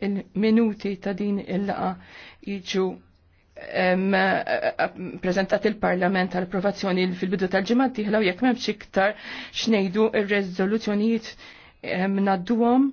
il-minuti ta' din il-laqa jiġu prezentat il-Parlament għal approvazzjoni fil-bidu tal-ġimgħat diħla u jekk m'hemmx iktar xnejdu ir-reżoluzzjonijiet nadduhom